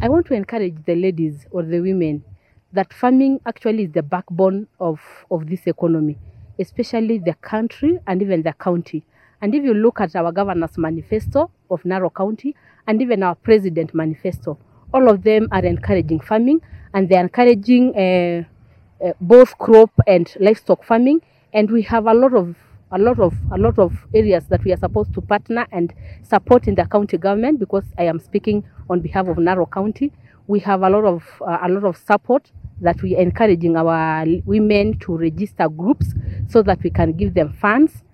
I want to encourage the ladies or the women that farming actually is the backbone of, of this economy, especially the country and even the county. And if you look at our governor's manifesto of Narrow County and even our president manifesto, all of them are encouraging farming and they're encouraging uh, uh, both crop and livestock farming. And we have a lot of a lot of a lot of areas that we are supposed to partner and support in the county government because I am speaking on behalf of Narok County. We have a lot of uh, a lot of support that we are encouraging our women to register groups so that we can give them funds